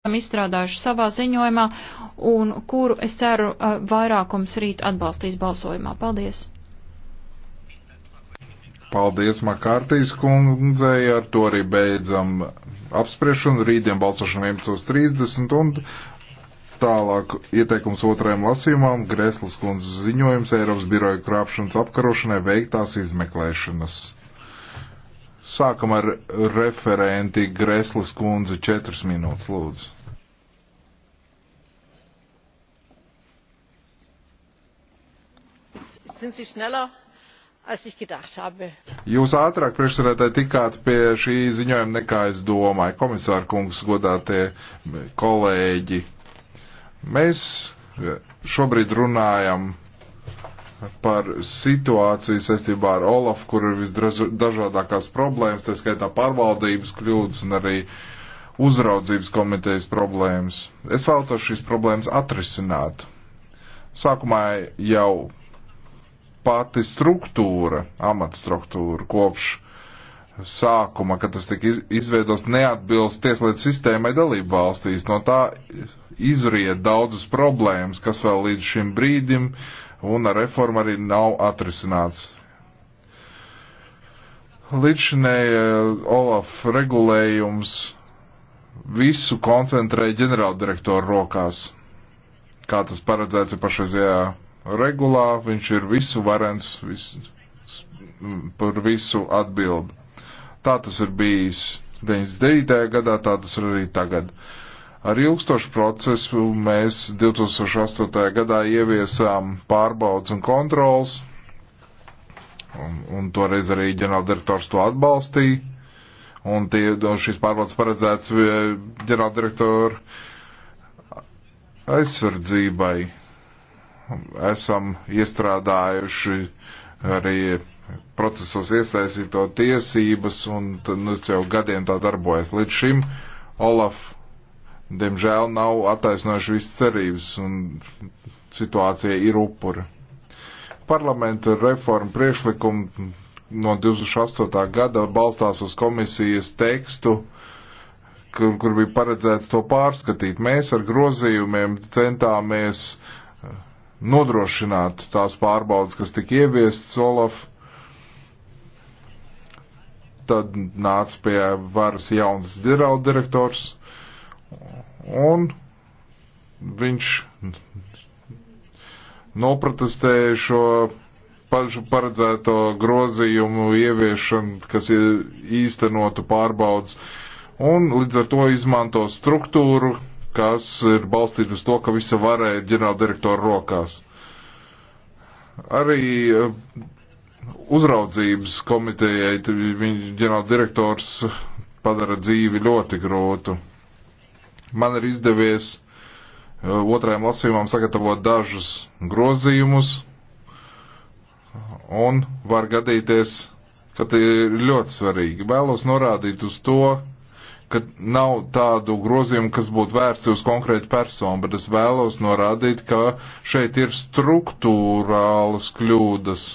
esam izstrādājuši savā ziņojumā un kuru, es ceru, vairākums rīt atbalstīs balsojumā. Paldies! Paldies, Makārtīs kundzei, ar to arī beidzam apspriešanu, rītdien balsošanu 11.30 un tālāk ieteikums otrajam lasījumam Greslas kundzes ziņojums Eiropas biroja krāpšanas apkarošanai veiktās izmeklēšanas. Sākam ar referenti Greslas kundzi četras minūtes, lūdzu. Jūs ātrāk priekšsarētāji tikāt pie šī ziņojuma nekā es domāju. Komisāra kungs, godātie kolēģi, mēs šobrīd runājam par situāciju saistībā ar Olafu, kur ir visdažādākās problēmas, tā skaitā pārvaldības kļūdas un arī uzraudzības komitejas problēmas. Es vēlos šīs problēmas atrisināt. Sākumā jau pati struktūra, amatstruktūra kopš sākuma, kad tas tika izveidots, neatbilst tieslietu sistēmai dalību valstīs. No tā izriet daudzas problēmas, kas vēl līdz šim brīdim un reforma arī nav atrisināts. Līdzinēja eh, Olaf regulējums visu koncentrēja ģenerāldirektoru rokās. Kā tas paredzēts ir pašreizajā regulā, viņš ir visu varens, vis, par visu atbildi. Tā tas ir bijis 99. gadā, tā tas ir arī tagad. Uh, Ar ilgstošu procesu mēs 2008. gadā ieviesām pārbaudas un kontrols, un, un toreiz arī ģenerāldirektors to atbalstīja, un, tie, un šīs pārbaudas paredzēts e, ģenerāldirektoru aizsardzībai. Esam iestrādājuši arī procesos iesaistīto tiesības, un nu, tas jau gadiem tā darbojas. Līdz šim Olaf diemžēl nav attaisnojuši visas cerības un situācija ir upura. Parlamenta reforma priekšlikuma no 2008. gada balstās uz komisijas tekstu, kur, kur bija paredzēts to pārskatīt. Mēs ar grozījumiem centāmies nodrošināt tās pārbaudas, kas tika ieviests Olaf. Tad nāca pie varas jauns ģenerāldirektors un viņš noprotestēja šo pašu paredzēto grozījumu ieviešanu, kas ir īstenotu pārbaudas, un līdz ar to izmanto struktūru, kas ir balstīta uz to, ka visa varēja ģenerāldirektora rokās. Arī eh, uzraudzības komitejai ģenerāldirektors padara dzīvi ļoti grūtu. Man ir izdevies e, otrajam lasījumam sagatavot dažus grozījumus, un var gadīties, ka tie ir ļoti svarīgi. Vēlos norādīt uz to, ka nav tādu grozījumu, kas būtu vērsti uz konkrētu personu, bet es vēlos norādīt, ka šeit ir struktūrālas kļūdas.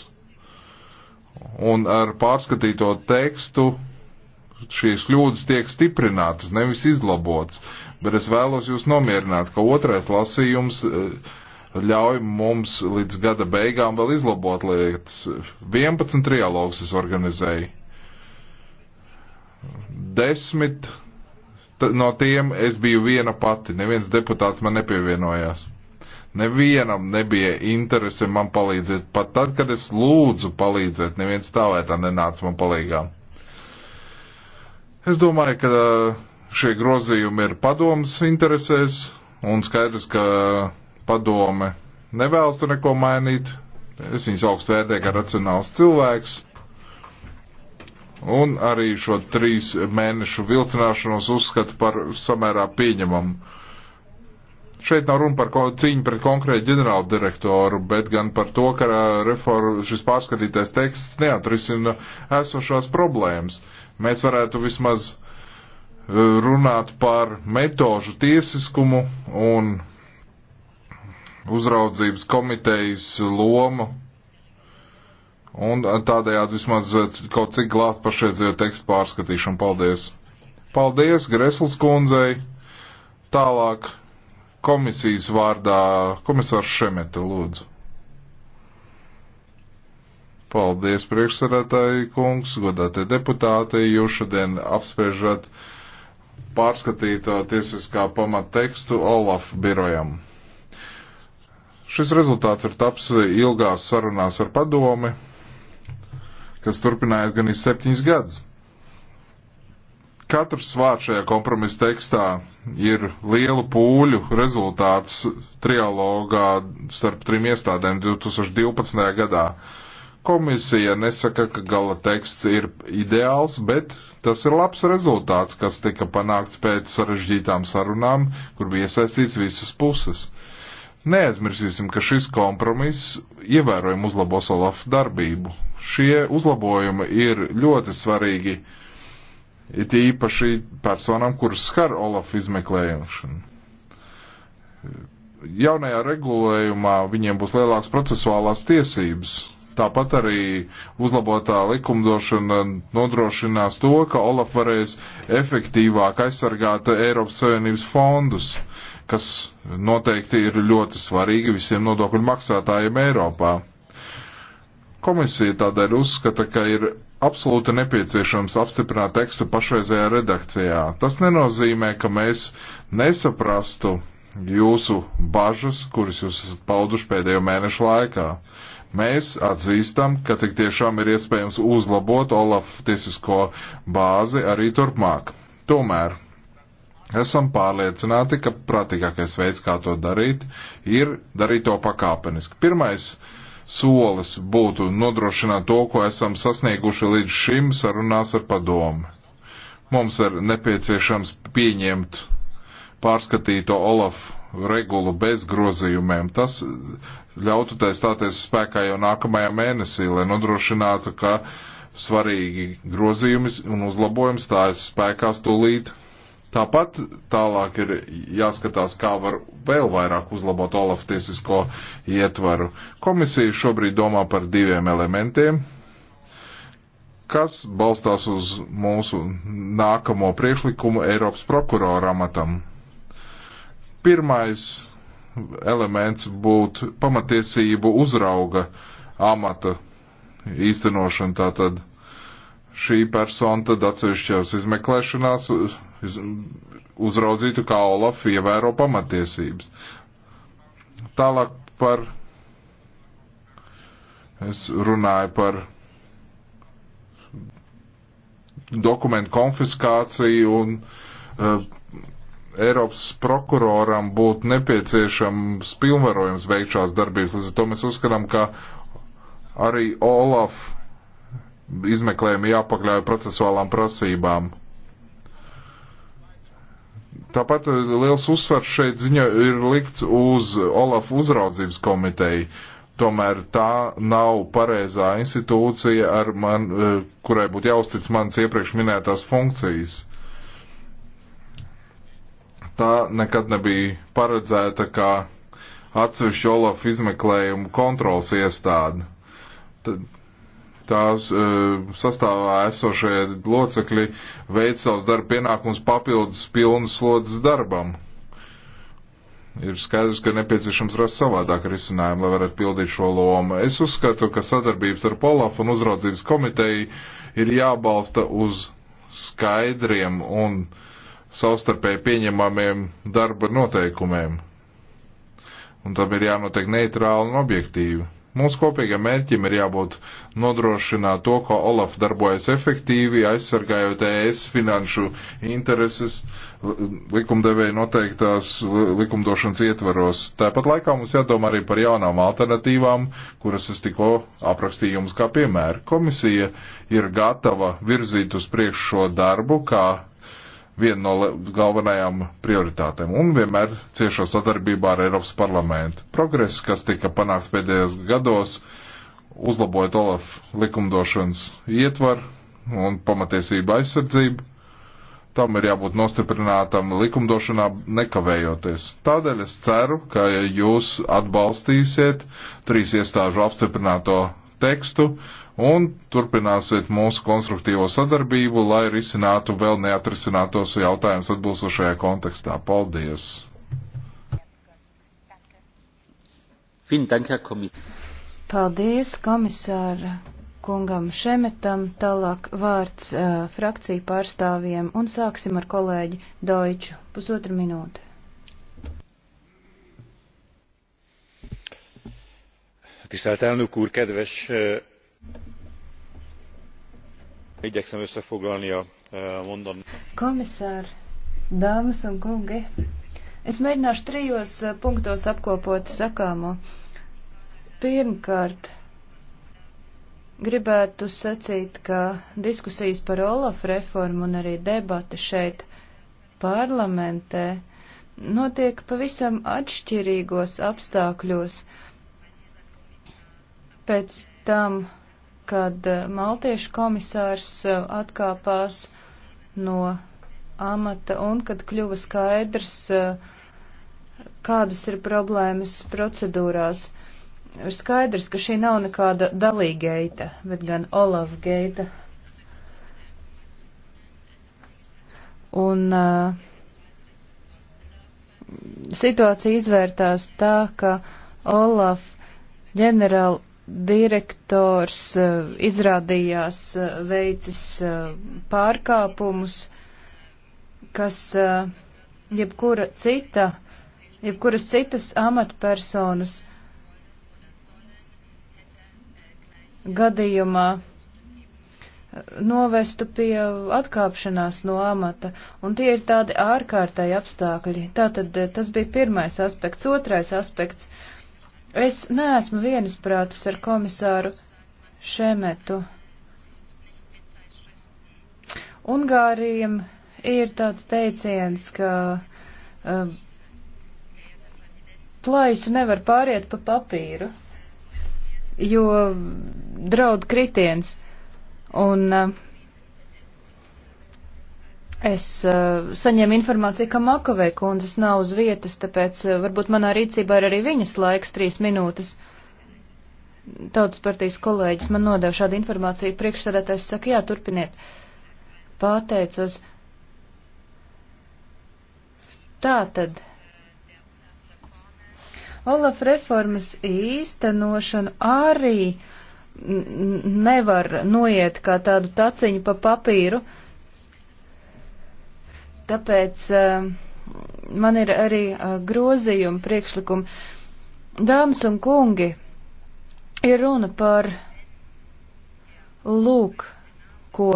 Un ar pārskatīto tekstu šīs kļūdas tiek stiprinātas, nevis izlabotas bet es vēlos jūs nomierināt, ka otrais lasījums e, ļauj mums līdz gada beigām vēl izlabot lietas. 11 trialogus es organizēju. Desmit no tiem es biju viena pati, neviens deputāts man nepievienojās. Nevienam nebija interese man palīdzēt, pat tad, kad es lūdzu palīdzēt, neviens stāvētā nenāca man palīgām. Es domāju, ka šie grozījumi ir padomas interesēs, un skaidrs, ka padome nevēlas tur neko mainīt. Es viņus augstu vērtēju kā racionāls cilvēks. Un arī šo trīs mēnešu vilcināšanos uzskatu par samērā pieņemamu. Šeit nav runa par cīņu pret konkrētu ģenerālu direktoru, bet gan par to, ka uh, reforma, šis pārskatītais teksts neatrisina esošās problēmas. Mēs varētu vismaz uh, runāt par metožu tiesiskumu un uzraudzības komitejas lomu. Un tādējādi vismaz eh, kaut cik glābt pašreizējo tekstu pārskatīšanu. Paldies! Paldies Gresls kundzei! Tālāk komisijas vārdā komisārs Šemeta lūdzu. Paldies priekšsarētāji kungs, godātie deputāti, jūs šodien apspēžat uh, pārskatīto tiesiskā pamata tekstu Olaf birojam. Šis rezultāts ir taps ilgās sarunās ar padomi, kas turpinājās gan iz septiņas gadus. Katrs vārds šajā kompromisa tekstā ir lielu pūļu rezultāts trialogā starp trim iestādēm 2012. gadā komisija nesaka, ka gala teksts ir ideāls, bet tas ir labs rezultāts, kas tika panākts pēc sarežģītām sarunām, kur bija iesaistīts visas puses. Neaizmirsīsim, ka šis kompromiss ievērojami uzlabos Olaf darbību. Šie uzlabojumi ir ļoti svarīgi, it īpaši personām, kuras skar Olaf izmeklēšanu. Jaunajā regulējumā viņiem būs lielāks procesuālās tiesības, Tāpat arī uzlabotā likumdošana nodrošinās to, ka Olaf varēs efektīvāk aizsargāt Eiropas Savienības fondus, kas noteikti ir ļoti svarīgi visiem nodokļu maksātājiem Eiropā. Komisija tādēļ uzskata, ka ir absolūti nepieciešams apstiprināt tekstu pašreizējā redakcijā. Tas nenozīmē, ka mēs nesaprastu jūsu bažas, kuras jūs esat pauduši pēdējo mēnešu laikā. Uh, Mēs atzīstam, ka tik tiešām ir iespējams uzlabot Olaf tiesisko bāzi arī turpmāk. Tomēr esam pārliecināti, ka prātīgākais veids, kā to darīt, ir darīt to pakāpeniski. Pirmais solis būtu nodrošināt to, ko esam sasnieguši līdz šim sarunās ar padomu. Mums ir nepieciešams pieņemt pārskatīto Olafu regulu bez grozījumiem. Tas ļautu tai stāties spēkā jau nākamajā mēnesī, lai nodrošinātu, ka svarīgi grozījumi un uzlabojumi stājas spēkā stulīt. Tāpat tālāk ir jāskatās, kā var vēl vairāk uzlabot Olaf tiesisko ietvaru. Komisija šobrīd domā par diviem elementiem kas balstās uz mūsu nākamo priekšlikumu Eiropas prokurora amatam. Pirmais elements būtu pamatiesību uzrauga amata īstenošana. Tātad šī persona tad atsevišķās izmeklēšanās uzraudzītu, kā Olaf ievēro pamatiesības. Tālāk par. Es runāju par dokumentu konfiskāciju un uh, Eiropas prokuroram būtu nepieciešams pilnvarojums veikt šās darbības. Līdz ar to mēs uzskatām, ka arī Olaf izmeklējumi jāpakļauj procesuālām prasībām. Tāpat eh, liels uzsvars šeit ziņā ir likts uz Olaf uzraudzības komiteju. Tomēr tā nav pareizā institūcija, man, eh, kurai būtu jāuztic manas iepriekš minētās funkcijas. Tā nekad nebija paredzēta kā atsevišķa Olaf izmeklējumu kontrols iestāde. Tās e, sastāvā esošie locekļi veic savus darba pienākumus papildus pilnas slodzes darbam. Ir skaidrs, ka nepieciešams rast savādāk risinājumu, lai varētu pildīt šo lomu. Es uzskatu, ka sadarbības ar Polafu un uzraudzības komiteju ir jābalsta uz skaidriem un uh, savstarpēji pieņemamiem darba noteikumiem. Un tam ir jānotiek neitrāli un objektīvi. Mūsu kopīgam mērķim ir jābūt nodrošināt to, ka Olaf darbojas efektīvi, aizsargājot ES finanšu intereses likumdevēja noteiktās likumdošanas ietvaros. Tāpat laikā mums jādomā arī par jaunām alternatīvām, kuras es tikko aprakstīju jums kā piemēru. Komisija ir gatava virzīt uz priekšu šo darbu, kā viena no galvenajām prioritātēm un vienmēr ciešo sadarbībā ar Eiropas parlamentu. Progress, kas tika panāks pēdējos gados, uzlabojot Olaf likumdošanas ietvaru un pamatiesību aizsardzību, tam ir jābūt nostiprinātam likumdošanā nekavējoties. Tādēļ es ceru, ka jūs atbalstīsiet trīs iestāžu apstiprināto tekstu un turpināsiet mūsu konstruktīvo sadarbību, lai risinātu vēl neatrisinātos jautājumus atbilstošajā kontekstā. Paldies! Paldies komisāra kungam Šemetam, tālāk vārds uh, frakciju pārstāvjiem un sāksim ar kolēģi Deutšu. Pusotra minūte. tisztelt elnök úr kedves igyekszem összefoglalni a mondandómat. komisār dāmas un kungi es mēģināšu trijos punktos apkopot sakāmo. Pirmkārt, gribētu sacīt, ka diskusijas par Olaf reformu un arī debati šeit parlamentē notiek pavisam atšķirīgos apstākļos. Uh, Pēc tam, kad eh, Maltiešu komisārs eh, atkāpās no amata un kad kļuva skaidrs, eh, kādas ir problēmas procedūrās, ir skaidrs, ka šī nav nekāda dalīgeita, bet gan Olaf geita. Un uh, situācija izvērtās tā, ka Olaf ģenerāla direktors eh, izrādījās eh, veicis eh, pārkāpumus, kas jebkura cita, jebkuras citas amatpersonas gadījumā novestu pie atkāpšanās no amata, un tie ir tādi ārkārtēji apstākļi. Tātad tas bija pirmais aspekts. Otrais aspekts Es neesmu vienisprātis ar komisāru Šemetu. Ungārijam ir tāds teiciens, ka uh, plaisu nevar pāriet pa papīru, jo draud kritiens. Un uh, Es uh, eh, saņēmu informāciju, ka Makovei kundzes nav uz vietas, tāpēc uh, varbūt manā rīcībā ir arī viņas laiks trīs minūtes. Tautas partijas kolēģis man nodev šādu informāciju, priekšsēdētājs saka, jā, turpiniet. Pāteicos. Tā tad. Olaf reformas īstenošanu arī nevar noiet kā tādu taciņu pa papīru. Uh, Tāpēc eh, man ir arī eh, grozījumi, priekšlikumi. Dāmas un kungi, ir runa par lūk, ko.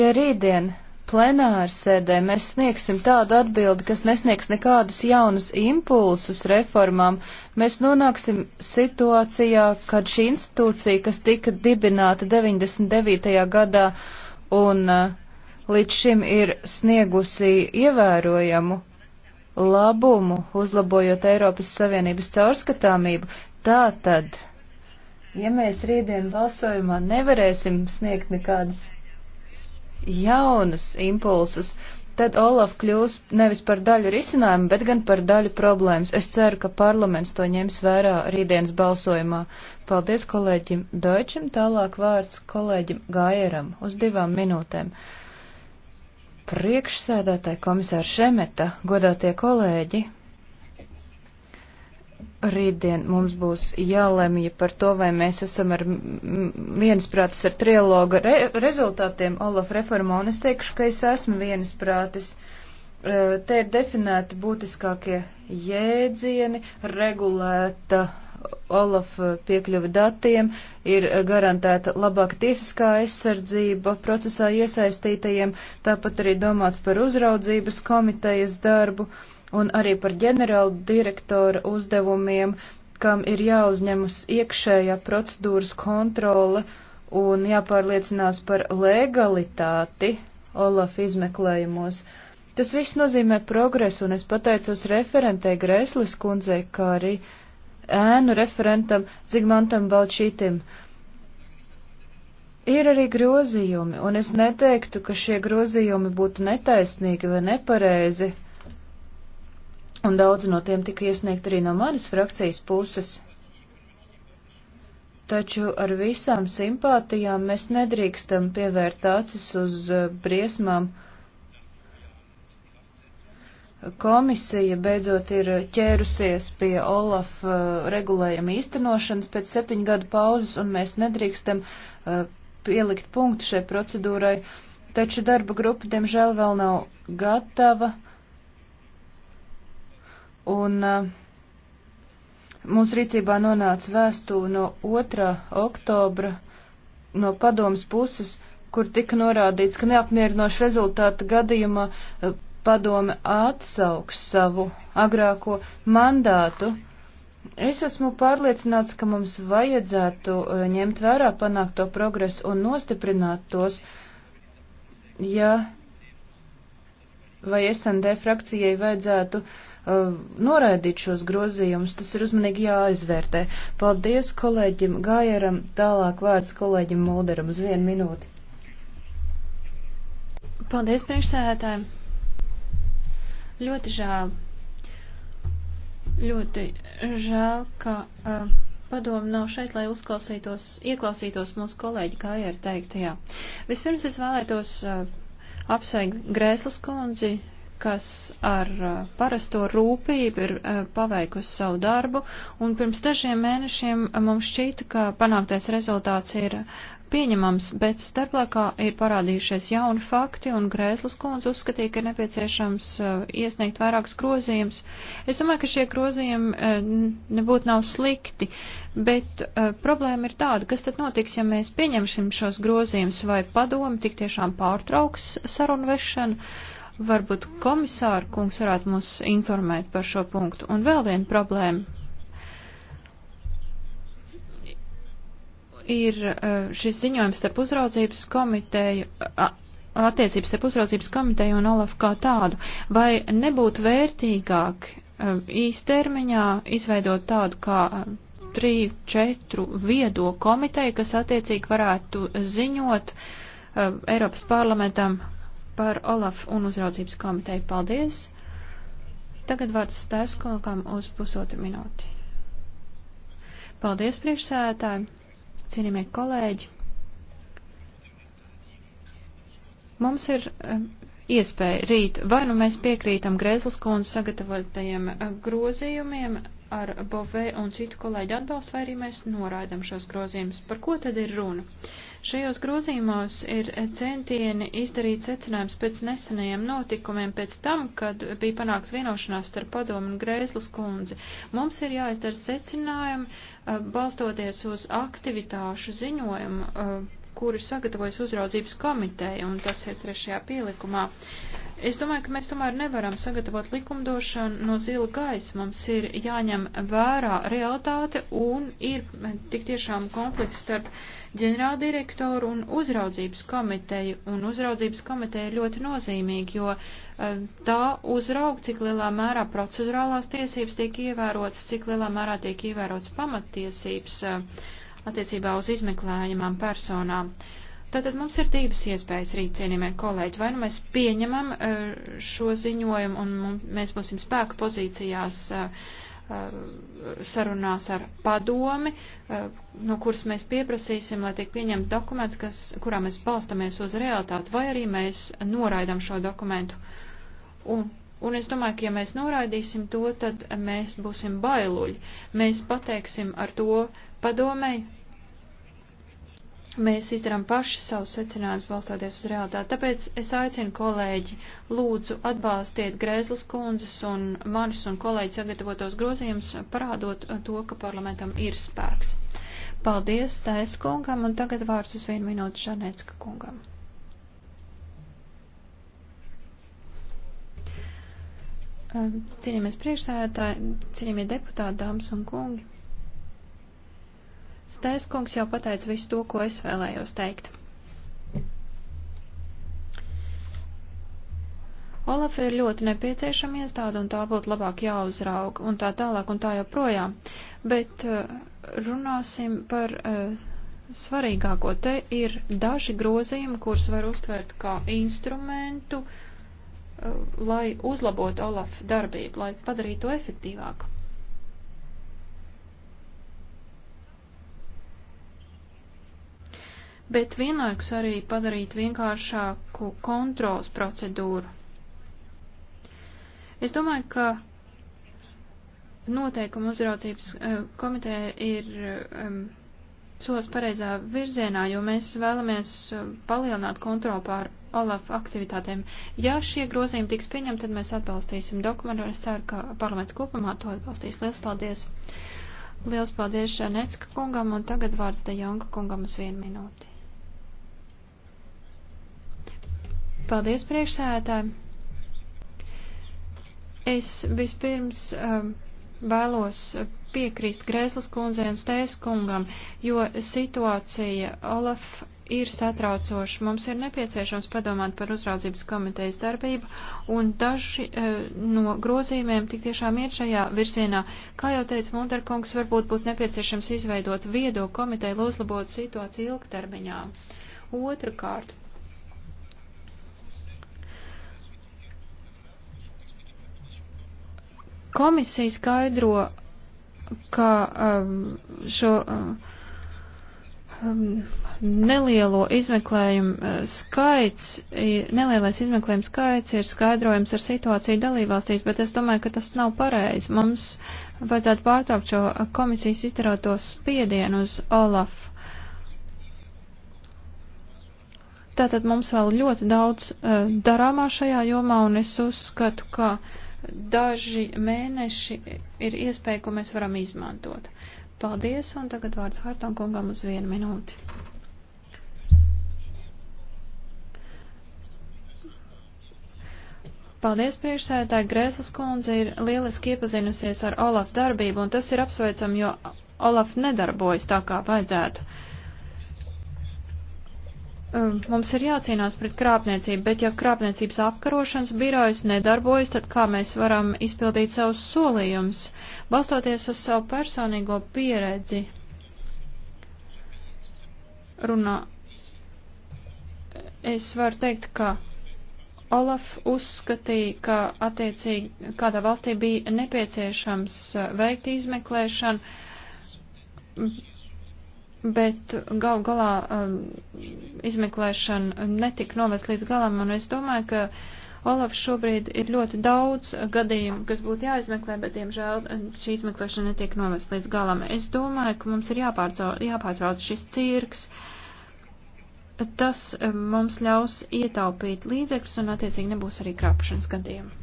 Ja rītdien plenāra sēdē mēs sniegsim tādu atbildi, kas nesniegs nekādus jaunus impulsus reformām, mēs nonāksim situācijā, kad šī institūcija, kas tika dibināta 99. gadā, uh, un uh, līdz šim ir sniegusi ievērojamu labumu, uzlabojot Eiropas Savienības caurskatāmību. Tātad, ja mēs rītdien balsojumā nevarēsim sniegt nekādas jaunas impulsas, tad Olaf kļūs nevis par daļu risinājumu, bet gan par daļu problēmas. Es ceru, ka parlaments to ņems vērā rītdienas balsojumā. Paldies kolēģim Deutscham, tālāk vārds kolēģim Gājeram uz divām minūtēm. Priekšsēdētāji komisāri Šemeta, godātie kolēģi, Rītdien mums būs jālemj par to, vai mēs esam ar viensprātis ar trialoga re rezultātiem Olaf reformā, un es teikšu, ka es esmu viensprātis. E, te ir definēti būtiskākie jēdzieni, regulēta Olaf piekļuvi datiem, ir garantēta labāka tiesiskā aizsardzība procesā iesaistītajiem, tāpat arī domāts par uzraudzības komitejas darbu. Uh, un arī par ģenerāla direktora uzdevumiem, kam ir jāuzņemas iekšējā procedūras kontrole un jāpārliecinās par legalitāti Olaf izmeklējumos. Tas viss nozīmē progresu, un es pateicos referentei Grēslis kundzei, kā arī ēnu referentam Zigmantam Balčītim. Ir arī grozījumi, un es neteiktu, ka šie grozījumi būtu netaisnīgi vai nepareizi un daudz no tiem tika iesniegt arī no manas frakcijas puses. Taču ar visām simpātijām mēs nedrīkstam pievērt acis uz eh, briesmām. Komisija beidzot ir ķērusies pie Olaf eh, regulējuma īstenošanas pēc septiņu gadu pauzes, un mēs nedrīkstam eh, pielikt punktu šai procedūrai, taču darba grupa, diemžēl, vēl nav gatava Un mūsu rīcībā nonāca vēstule no 2. oktobra no padomas puses, kur tika norādīts, ka neapmierinoši rezultāta gadījumā padome atsauks savu agrāko mandātu. Es esmu pārliecināts, ka mums vajadzētu ņemt vērā panākto progresu un nostiprināt tos, ja vai SND frakcijai vajadzētu uh, Uh, noraidīt šos grozījumus, tas ir uzmanīgi jāizvērtē. Paldies kolēģim Gājeram, tālāk vārds kolēģim Mulderam uz vienu minūti. Paldies priekšsēdētājiem. Ļoti žēl. Ļoti žēl, ka uh, padomu nav šeit, lai uzklausītos, ieklausītos mūsu kolēģi Gājera teiktajā. Vispirms es vēlētos uh, apsveikt Grēslas kundzi, kas ar uh, parasto rūpību ir uh, paveikusi savu darbu, un pirms dažiem mēnešiem mums šķīta, ka panāktais rezultāts ir pieņemams, bet starplaikā ir parādījušies jauni fakti, un Grēslas kundze uzskatīja, ka ir nepieciešams uh, iesniegt vairākus grozījumus. Es domāju, ka šie grozījumi nebūtu nav slikti, bet problēma ir tāda, kas tad notiks, ja mēs pieņemsim šos grozījumus, vai padomi tik tiešām pārtrauks sarunu vešanu Varbūt komisāra kungs varētu mums informēt par šo punktu. Un vēl viena problēma. Ir eh, šis ziņojums starp uzraudzības komiteju, attiecības starp uzraudzības komiteju un Olafu kā tādu. Vai nebūtu vērtīgāk eh, īstermiņā izveidot tādu kā triju, četru viedo komiteju, kas attiecīgi varētu ziņot eh, Eiropas parlamentam par Olaf un uzraudzības komiteju. Paldies! Tagad vārds Stēskokam uz pusotru minūti. Paldies, priekšsēdētāji, cienījamie kolēģi! Mums ir eh, iespēja rīt, vai nu mēs piekrītam Grēzlas kundzes sagatavotajiem eh, grozījumiem, ar Bovē un citu kolēģu atbalstu, vai arī mēs noraidam šos grozījumus. Par ko tad ir runa? Šajos grozījumos ir centieni izdarīt secinājums pēc nesenajiem notikumiem, pēc tam, kad bija panākt vienošanās starp padomu un Grēzlas kundzi. Mums ir jāizdara secinājumi, eh, balstoties uz aktivitāšu ziņojumu eh, kuru sagatavojas uzraudzības komiteja, un tas ir trešajā pielikumā. Es domāju, ka mēs tomēr nevaram sagatavot likumdošanu no zila gaisa. Mums ir jāņem vērā realitāte un ir tik tiešām konflikts starp ģenerāldirektoru un uzraudzības komiteju. Un uzraudzības komiteja ir ļoti nozīmīga, jo eh, tā uzraug, cik lielā mērā procedurālās tiesības tiek ievērotas, cik lielā mērā tiek ievērotas pamattiesības eh, attiecībā uz izmeklējumām personām. Tātad mums ir divas iespējas rīt, cienījamie kolēģi. Vai nu mēs pieņemam eh, šo ziņojumu un mēs būsim spēka pozīcijās eh, eh, sarunās ar padomi, no kuras mēs pieprasīsim, lai tiek pieņemts dokuments, kas, kurā mēs balstamies uz realitāti, vai arī mēs noraidam šo dokumentu. Un Un es domāju, ka ja mēs noraidīsim to, tad mēs būsim bailuļi. Mēs pateiksim ar to padomēji, Mēs izdarām paši savus secinājumus balstoties uz realitāti. Tāpēc es aicinu kolēģi, lūdzu atbalstiet Grēzlas kundzes un manis un kolēģi sagatavotos grozījumus, parādot to, ka parlamentam ir spēks. Paldies Tais kungam un tagad vārds uz vienu minūtu Žanecka kungam. Cienījamies priekšsēdētāji, cienījamie deputāti, dāmas un kungi. Staiskungs jau pateica visu to, ko es vēlējos teikt. Olaf ir ļoti nepieciešama iestāde, un tā būtu labāk jāuzrauga, un tā tālāk, un tā joprojām. Bet eh, runāsim par uh, svarīgāko. Te ir daži grozījumi, kurus var uztvērt kā instrumentu, uh, lai uzlabotu Olaf darbību, lai padarītu to efektīvāku. bet vienlaikus arī padarīt vienkāršāku kontrols procedūru. Es domāju, ka noteikuma uzraudzības eh, komiteja ir um, solis pareizā virzienā, jo mēs vēlamies eh, palielināt kontroli pār OLAF aktivitātēm. Ja šie grozījumi tiks pieņemti, tad mēs atbalstīsim dokumentu, un es ceru, ka parlaments kopumā to atbalstīs. Lielas paldies! Lielas paldies Necka kungam, un tagad vārds De Jonga kungam uz vienu minūti. Paldies priekšsēdētājiem. Es vispirms um, vēlos piekrīst Grēslas kundzei un Stēs kungam, jo situācija Olaf ir satraucoša. Mums ir nepieciešams padomāt par uzraudzības komitejas darbību, un daži e, no grozījumiem tik tiešām iet šajā virzienā. Kā jau teica Munderkungs, varbūt būtu nepieciešams izveidot viedo komiteju, lai uzlabotu situāciju ilgtermiņā. Otrakārt, Komisija skaidro, ka um, šo um, nelielo izmeklējumu uh, skaits, nelielais izmeklējums skaits ir skaidrojams ar situāciju dalībvalstīs, bet es domāju, ka tas nav pareizi. Mums vajadzētu pārtraukt šo komisijas izdarāto spiedienu uz Olaf. Tātad mums vēl ļoti daudz uh, darāmā šajā jomā, un es uzskatu, ka uh, daži mēneši ir iespēja, ko mēs varam izmantot. Paldies, un tagad vārds Hārtam kungam uz vienu minūti. Paldies, priekšsēdētāji, Grēzes kundze ir lieliski iepazinusies ar Olaf darbību, un tas ir apsveicam, jo Olaf nedarbojas tā, kā vajadzētu. Um, mums ir jācīnās pret krāpniecību, bet ja krāpniecības apkarošanas birojas nedarbojas, tad kā mēs varam izpildīt savus solījumus, balstoties uz savu personīgo pieredzi? Runā. Es varu teikt, ka Olaf uzskatīja, ka attiecīgi kādā valstī bija nepieciešams uh, veikt izmeklēšanu, bet gal galā um, izmeklēšana netika novest līdz galam, un es domāju, ka Olaf šobrīd ir ļoti daudz gadījumu, kas būtu jāizmeklē, bet, diemžēl, šī izmeklēšana netiek novest līdz galam. Es domāju, ka mums ir jāpārtrauc šis cirks. Tas um, mums ļaus ietaupīt līdzekļus un, attiecīgi, nebūs arī krāpšanas gadījumu.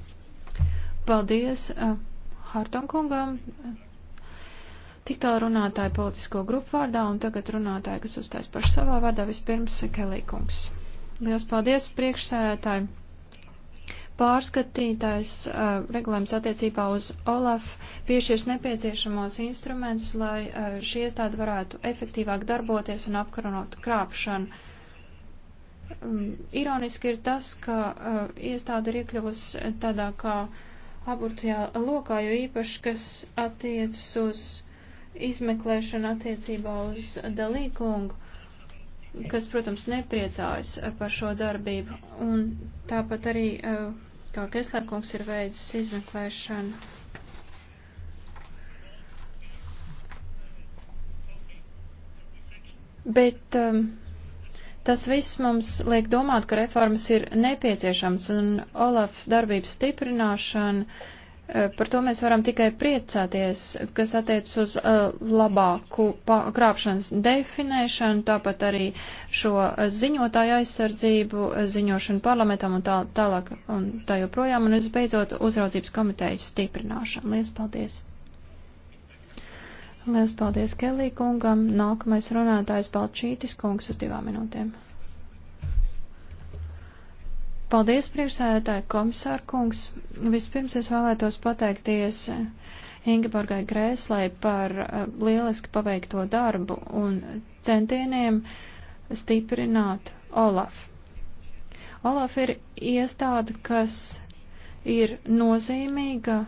Paldies uh, Hartonkungam. Tik tālu runātāju politisko grupu vārdā, un tagad runātāji, kas uzstājas paši savā vārdā, vispirms Kelīkungs. Liels paldies priekšsēdētāji! Pārskatītājs uh, regulējums attiecībā uz OLAF piešķirs nepieciešamos instrumentus, lai uh, šī iestāde varētu efektīvāk darboties un apkaronot krāpšanu. Um, ironiski ir tas, ka uh, iestāde ir iekļuvusi tādā kā aburtajā lokā, jo īpaši, kas attiecas uz izmeklēšanu attiecībā uz Dalīkungu, kas, protams, nepriecājas par šo darbību. Un tāpat arī, eh, kā Keslerkungs ir veicis izmeklēšanu. Bet um, tas viss mums liek domāt, ka reformas ir nepieciešams un Olaf darbības stiprināšana Eh, par to mēs varam tikai priecāties, kas attiec uz uh, labāku krāpšanas definēšanu, tāpat arī šo eh, ziņotāju aizsardzību, ziņošanu parlamentam un tā, tālāk un tā joprojām, un visbeidzot uzraudzības komitejas stiprināšanu. Lielas paldies! Lielas paldies Kelī kungam. Nākamais runātājs Balčītis kungs uz divām minūtēm. Paldies, priekšsēdētāji komisārkungs. Vispirms es vēlētos pateikties Ingeborgai Grēslai par eh, lieliski paveikto darbu un centieniem stiprināt Olaf. Olaf ir iestāde, kas ir nozīmīga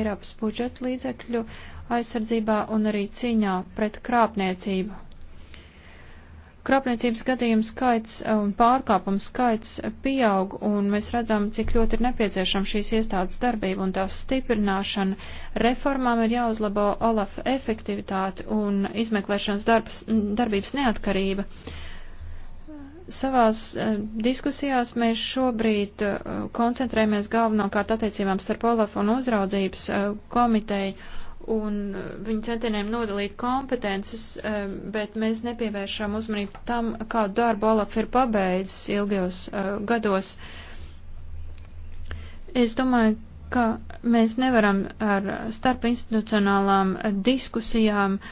Eiropas budžeta līdzekļu aizsardzībā un arī cīņā pret krāpniecību. Krāpniecības gadījumu skaits un um, pārkāpumu skaits pieaug, un mēs redzam, cik ļoti ir nepieciešama šīs iestādes darbība un tās stiprināšana. Reformām ir jāuzlabo OLAF efektivitāte un izmeklēšanas darbs, darbības neatkarība. Savās eh, diskusijās mēs šobrīd eh, koncentrējamies galvenokārt attiecībām starp OLAF un uzraudzības eh, komiteju un uh, viņu centieniem nodalīt kompetences, um, bet mēs nepievēršam uzmanību tam, kādu darbu Olaf ir pabeidzis ilgajos uh, gados. Es domāju, ka mēs nevaram ar starpinstitucionālām diskusijām uh,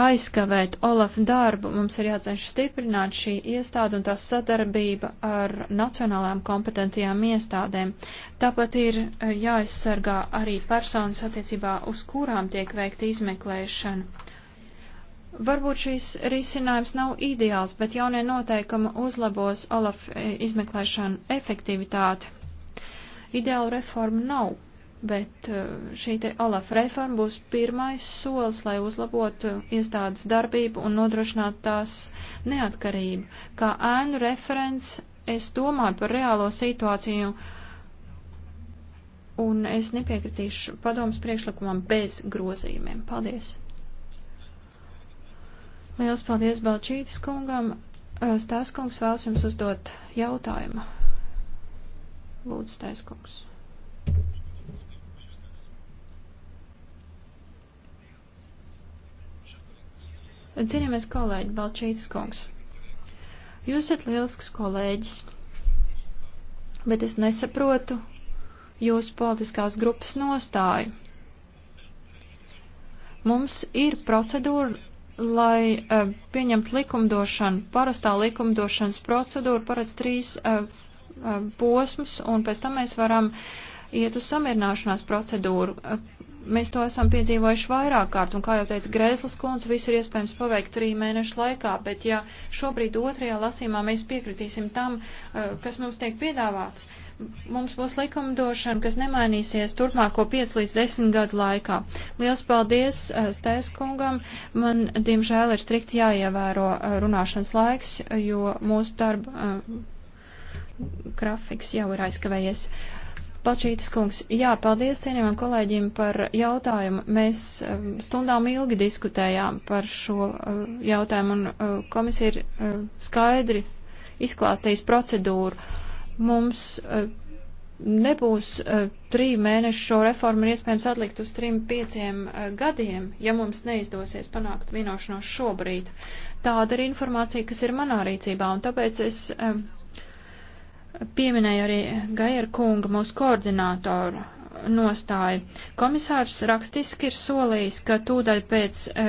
aizkavēt Olaf darbu, mums ir jācenš stiprināt šī iestāde un tās sadarbība ar nacionālām kompetentajām iestādēm. Tāpat ir eh, jāaizsargā arī personas attiecībā, uz kurām tiek veikta izmeklēšana. Varbūt šīs risinājums nav ideāls, bet jaunie noteikumi uzlabos Olaf eh, izmeklēšanu efektivitāti. Ideālu reformu nav. Bet eh, šī te Olaf reforma būs pirmais solis, lai uzlabotu eh, iestādes darbību un nodrošinātu tās neatkarību. Kā ēnu referents es domāju par reālo situāciju un es nepiekritīšu padomas priekšlikumam bez grozījumiem. Paldies! Liels paldies Balčītis kungam. Eh, Stāskungs vēlas jums uzdot jautājumu. Lūdzu, Stāskungs. Cienījamies kolēģi Balčītis kungs. Jūs esat lielisks kolēģis, bet es nesaprotu jūsu politiskās grupas nostāju. Mums ir procedūra, lai uh, eh, pieņemtu likumdošanu, parastā likumdošanas procedūra paredz trīs uh, uh, posmus, un pēc tam mēs varam iet uz samierināšanās procedūru. Uh, Mēs to esam piedzīvojuši vairāk kārt, un kā jau teica Grēslas kundze, visu ir iespējams paveikt trī mēnešu laikā, bet ja šobrīd otrajā lasīmā mēs piekritīsim tam, eh, kas mums tiek piedāvāts, mums būs likumdošana, kas nemainīsies turpmāko 5 līdz 10 gadu laikā. Liels paldies eh, Stēs kungam, man diemžēl ir strikti jāievēro eh, runāšanas laiks, jo mūsu darba grafiks jau ir aizkavējies. Balčītis kungs, jā, paldies cienījumam kolēģim par jautājumu. Mēs um, stundām ilgi diskutējām par šo uh, jautājumu un uh, komisija ir uh, skaidri izklāstījis procedūru. Mums nebūs trīs mēnešu šo reformu ir iespējams atlikt uz trim pieciem gadiem, ja mums neizdosies panākt vienošanos šobrīd. Tāda ir informācija, kas ir manā rīcībā, un tāpēc es um, pieminēja arī Gaira kunga, mūsu koordinātoru nostāju. Komisārs rakstiski ir solījis, ka tūdaļ pēc e,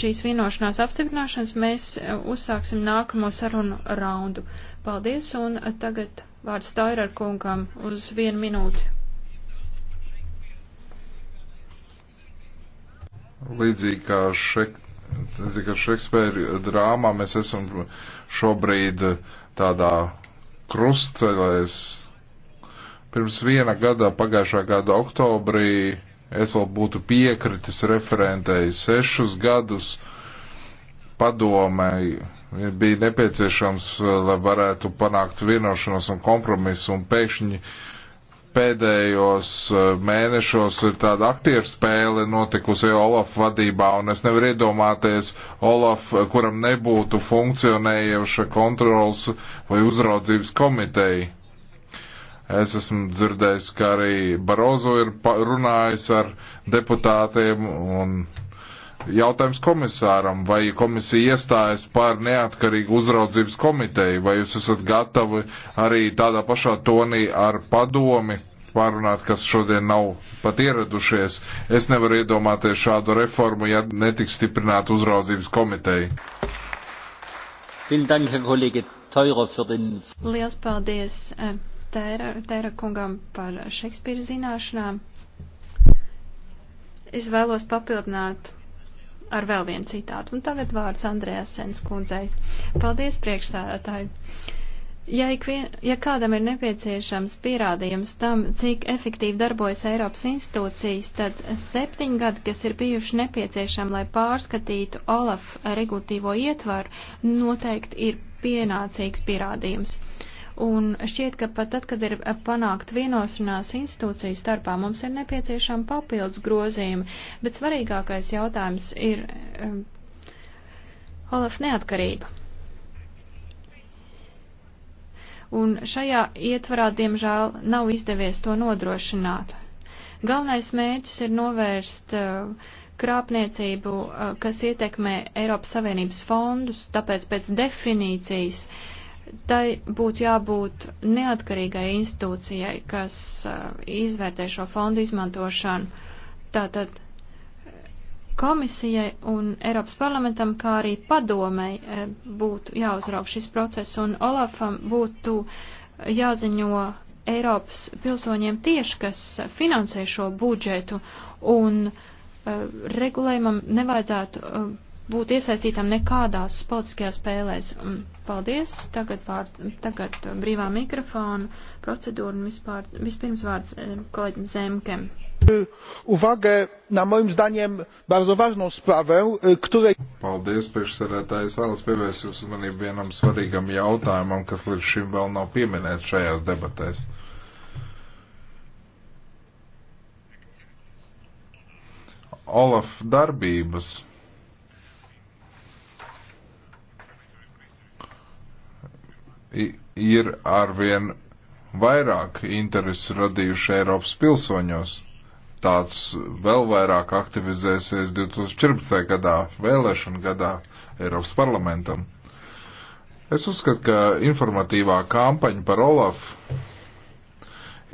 šīs vienošanās apstiprināšanas mēs e, uzsāksim nākamo sarunu raundu. Paldies, un tagad vārds Tairar kungam uz vienu minūti. Līdzīgi kā šeit Tas ir, ka Šekspēra drāmā mēs esam šobrīd tādā krustceļēs. Pirms viena gada, pagājušā gada oktobrī, es vēl būtu piekritis referentēji sešus gadus padomēji. Bija nepieciešams, lai varētu panākt vienošanos un kompromisu, un pēkšņi uh, pēdējos eh, mēnešos ir tāda aktieru spēle notikusi Olaf vadībā, un es nevaru iedomāties Olaf, kuram nebūtu funkcionējuša kontrols vai uzraudzības komiteja. Es esmu dzirdējis, ka arī Barozo ir runājis ar deputātiem un Jautājums komisāram, vai komisija iestājas par neatkarīgu uzraudzības komiteju, vai jūs esat gatavi arī tādā pašā tonī ar padomi pārunāt, kas šodien nav pat ieradušies. Es nevaru iedomāties šādu reformu, ja netiks stiprināta uzraudzības komiteja. Liels paldies eh, Tēra, tēra kungam par Šekspīra zināšanām. Es vēlos papildināt ar vēl vienu citātu. Un tagad vārds Andrējas Senskundzei. Paldies, priekšstādātāji! Ja, ikvien, ja kādam ir nepieciešams pierādījums tam, cik efektīvi darbojas Eiropas institūcijas, tad septiņi gadi, kas ir bijuši nepieciešami, lai pārskatītu Olaf regulatīvo ietvaru, noteikti ir pienācīgs pierādījums. Un šķiet, ka pat tad, kad ir panākt vienošanās institūciju starpā, mums ir nepieciešama papildus grozījuma, bet svarīgākais jautājums ir um, Olaf neatkarība. Un šajā ietvarā, diemžēl, nav izdevies to nodrošināt. Galvenais mērķis ir novērst uh, krāpniecību, uh, kas ietekmē Eiropas Savienības fondus, tāpēc pēc definīcijas uh, tai būtu jābūt neatkarīgai institūcijai, kas uh, izvērtē šo fondu izmantošanu. Tātad komisijai un Eiropas parlamentam, kā arī padomei, uh, būtu jāuzrauk šis process, un Olafam būtu jāziņo Eiropas pilsoņiem tieši, kas finansē šo budžetu, un uh, regulējumam nevajadzētu uh, būt iesaistītam nekādās politiskajās spēlēs. Paldies. Tagad, vārd, tagad brīvā mikrofona procedūra un vispār, vispirms vārds eh, kolēģim Zemkem. Uwagę na moim zdaniem bardzo ważną sprawę, eh, której... Paldies, priekšsarētājs vēlas pievērst jūsu uzmanību vienam svarīgam jautājumam, kas līdz šim vēl nav pieminēts šajās debatēs. Olaf darbības ir arvien vairāk interesi radījuši Eiropas pilsoņos. Tāds vēl vairāk aktivizēsies 2014. gadā, vēlēšana gadā Eiropas parlamentam. Es uzskatu, ka informatīvā kampaņa par Olafu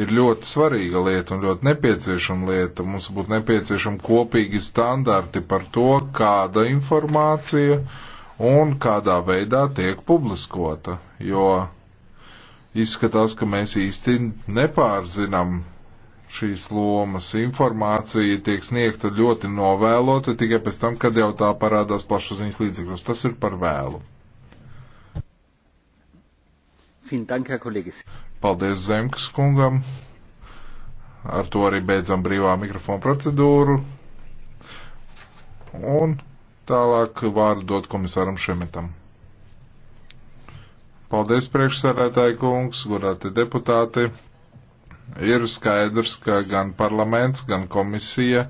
ir ļoti svarīga lieta un ļoti nepieciešama lieta. Mums būtu nepieciešama kopīgi standarti par to, kāda informācija uh, un kādā veidā tiek publiskota, jo izskatās, ka mēs īsti nepārzinām šīs lomas. Informācija tiek sniegta ļoti novēlota tikai pēc tam, kad jau tā parādās plašsaziņas līdzekļos. Tas ir par vēlu. Paldies Zemkas kungam. Ar to arī beidzam brīvā mikrofona procedūru. Un Tālāk vārdu dot komisāram Šemetam. Paldies, priekšsēdētāji kungs, godāti deputāti. Ir skaidrs, ka gan parlaments, gan komisija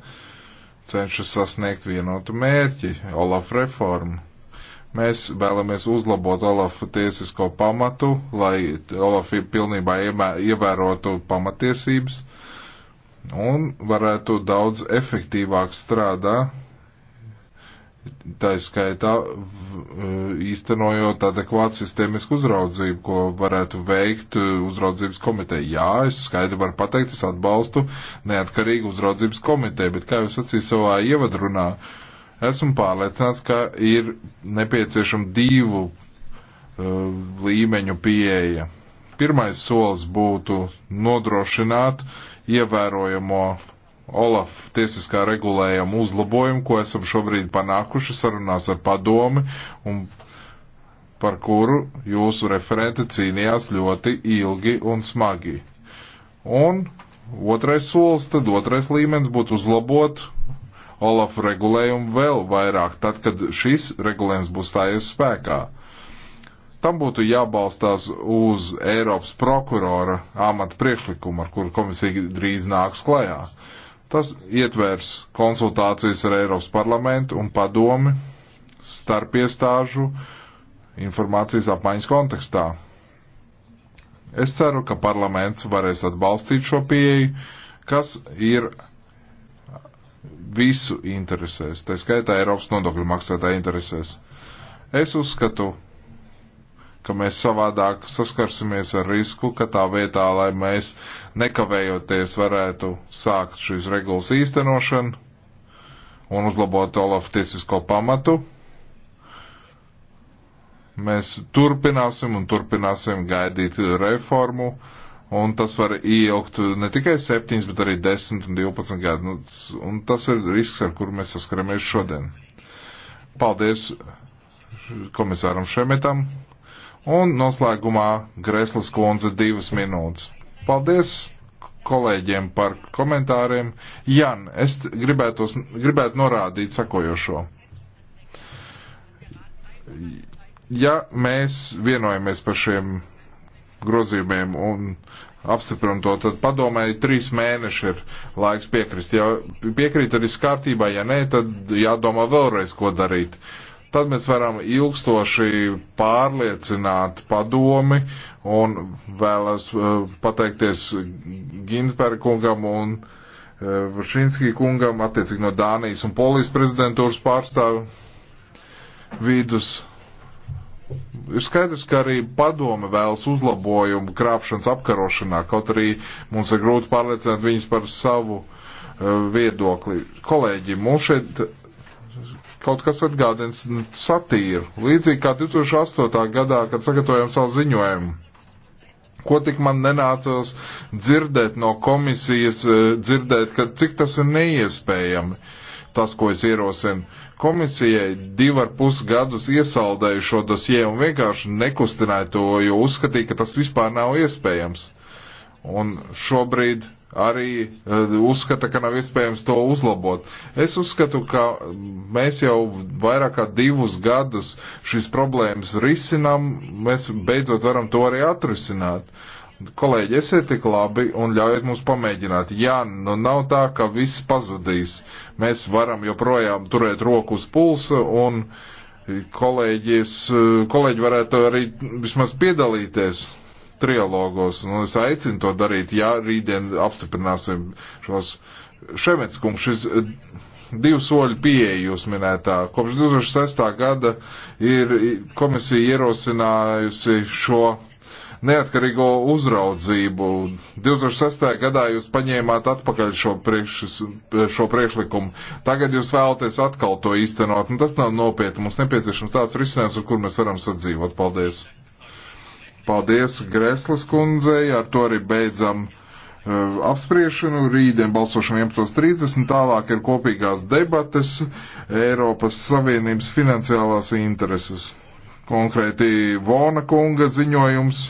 cenšas sasniegt vienotu mērķi - Olaf reformu. Mēs vēlamies uzlabot Olafa tiesisko pamatu, lai Olafi pilnībā ievērotu pamatiesības un varētu daudz efektīvāk strādāt Tā skaitā e, īstenojot adekvātu sistēmisku uzraudzību, ko varētu veikt e, uzraudzības komiteja. Jā, es skaidri varu pateikt, es atbalstu neatkarīgu uzraudzības komiteju, bet kā jau sacīju savā ievadrunā, esmu pārliecināts, ka ir nepieciešama divu uh, līmeņu pieeja. Pirmais solis būtu nodrošināt ievērojamo Olaf tiesiskā regulējuma uzlabojumu, ko esam šobrīd panākuši sarunās ar padomi un par kuru jūsu referente cīnījās ļoti ilgi un smagi. Un otrais solis, tad otrais līmenis būtu uzlabot Olaf regulējumu vēl vairāk, tad, kad šis regulējums būs stājies spēkā. Tam būtu jābalstās uz Eiropas prokurora amata priekšlikumu, ar kuru komisija drīz nāks klajā. Uh, Tas ietvers konsultācijas ar Eiropas parlamentu un padomi starp iestāžu informācijas apmaiņas kontekstā. Es ceru, ka parlaments varēs atbalstīt šo pieeju, kas ir visu interesēs, tā skaitā Eiropas nodokļu maksātāja interesēs. Es uzskatu, ka mēs savādāk saskarsimies ar risku, ka tā vietā, lai mēs nekavējoties varētu sākt šīs regulas īstenošanu un uzlabot Olafa tiesisko pamatu, mēs turpināsim un turpināsim gaidīt reformu, un tas var ieilgt ne tikai 7, bet arī 10 un 12 gadu, un tas ir risks, ar kuru mēs saskaramies šodien. Paldies komisāram Šemetam! Un noslēgumā Greslas kundze divas minūtes. Paldies kolēģiem par komentāriem. Jan, es gribētos, gribētu norādīt sakojošo. Ja mēs vienojamies par šiem grozījumiem un apstiprinam to, tad padomēji trīs mēneši ir laiks piekrist. Ja piekrīt arī skārtībā, ja nē, tad jādomā vēlreiz, ko darīt. Uh, Tad mēs varam ilgstoši pārliecināt padomi un vēlas eh, pateikties Ginsberga kungam un eh, Vršinskī kungam, attiecīgi no Dānijas un Polijas prezidentūras pārstāvu vidus Ir skaidrs, ka arī padome vēlas uzlabojumu krāpšanas apkarošanā, kaut arī mums ir grūti pārliecināt viņus par savu uh, viedokli. Kolēģi, mums šeit kaut kas atgādins satīru, līdzīgi kā 2008. gadā, kad sagatavojam savu ziņojumu. Ko tik man nenācās dzirdēt no komisijas, eh, dzirdēt, ka cik tas ir neiespējami, tas, ko es ierosinu. Komisijai divi ar pus gadus iesaldēju šo dosie un vienkārši nekustināju to, jo uzskatīju, ka tas vispār nav iespējams. Un šobrīd arī eh, uzskata, ka nav iespējams to uzlabot. Es uzskatu, ka mēs jau vairāk kā divus gadus šīs problēmas risinam, mēs beidzot varam to arī atrisināt. Kolēģi, esiet tik labi un ļaujiet mums pamēģināt. Jā, nu nav tā, ka viss pazudīs. Mēs varam joprojām turēt roku uz pulsa un kolēģis, eh, kolēģi varētu arī vismaz piedalīties trialogos. Un nu, es aicinu to darīt, ja rītdien apstiprināsim šos Šemets kungs, šis eh, divu soļu pieeja jūs minētā. Kopš 2006. gada ir komisija ierosinājusi šo neatkarīgo uzraudzību. 2006. gadā jūs paņēmāt atpakaļ šo, priekš, šo priekšlikumu. Tagad jūs vēlaties atkal to īstenot. Un nu, tas nav nopietni. Mums nepieciešams tāds risinājums, ar kur mēs varam sadzīvot. Paldies! Paldies Greslas kundzei, ar to arī beidzam eh, apspriešanu. Rītdien balsošana 11.30. Tālāk ir kopīgās debates Eiropas Savienības finansiālās intereses. Konkrēti Vona kunga ziņojums.